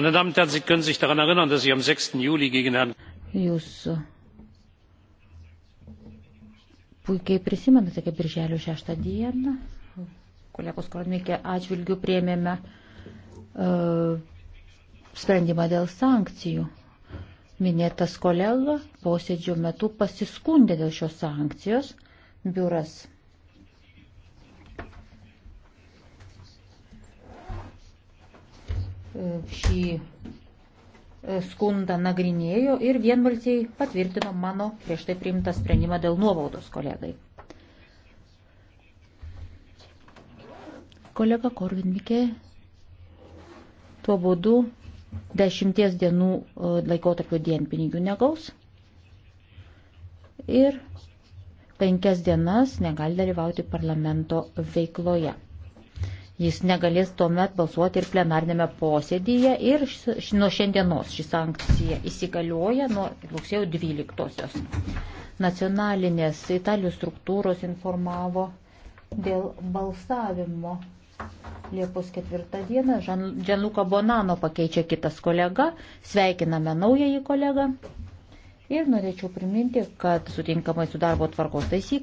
meine damen und herren sie können sich daran erinnern dass ich am. sechs juli gegen herrn jūs uh, puikiai prisimenate kaip birželio šeštą dieną kolegos kornikė atžvilgiu priėmėme uh, sprendimą dėl sankcijų minėtas kolega posėdžio metu pasiskundė dėl šios sankcijos biuras šį e, skundą nagrinėjo ir vienbalsiai patvirtino mano prieš tai priimtą sprendimą dėl nuobaudos kolegai. Kolega Korvinmikė tuo būdu dešimties dienų e, laikotarpio dienpinigių negaus ir penkias dienas negali dalyvauti parlamento veikloje. Jis negalės tuomet balsuoti ir plenarnėme posėdyje ir nuo šiandienos ši sankcija įsigalioja nuo rugsėjo 12-osios. Nacionalinės Italijos struktūros informavo dėl balsavimo. Liepos ketvirtą dieną Džanluka Bonano pakeičia kitas kolega. Sveikiname naująjį kolegą. Ir norėčiau priminti, kad sutinkamai su darbo tvarkos taisyklė.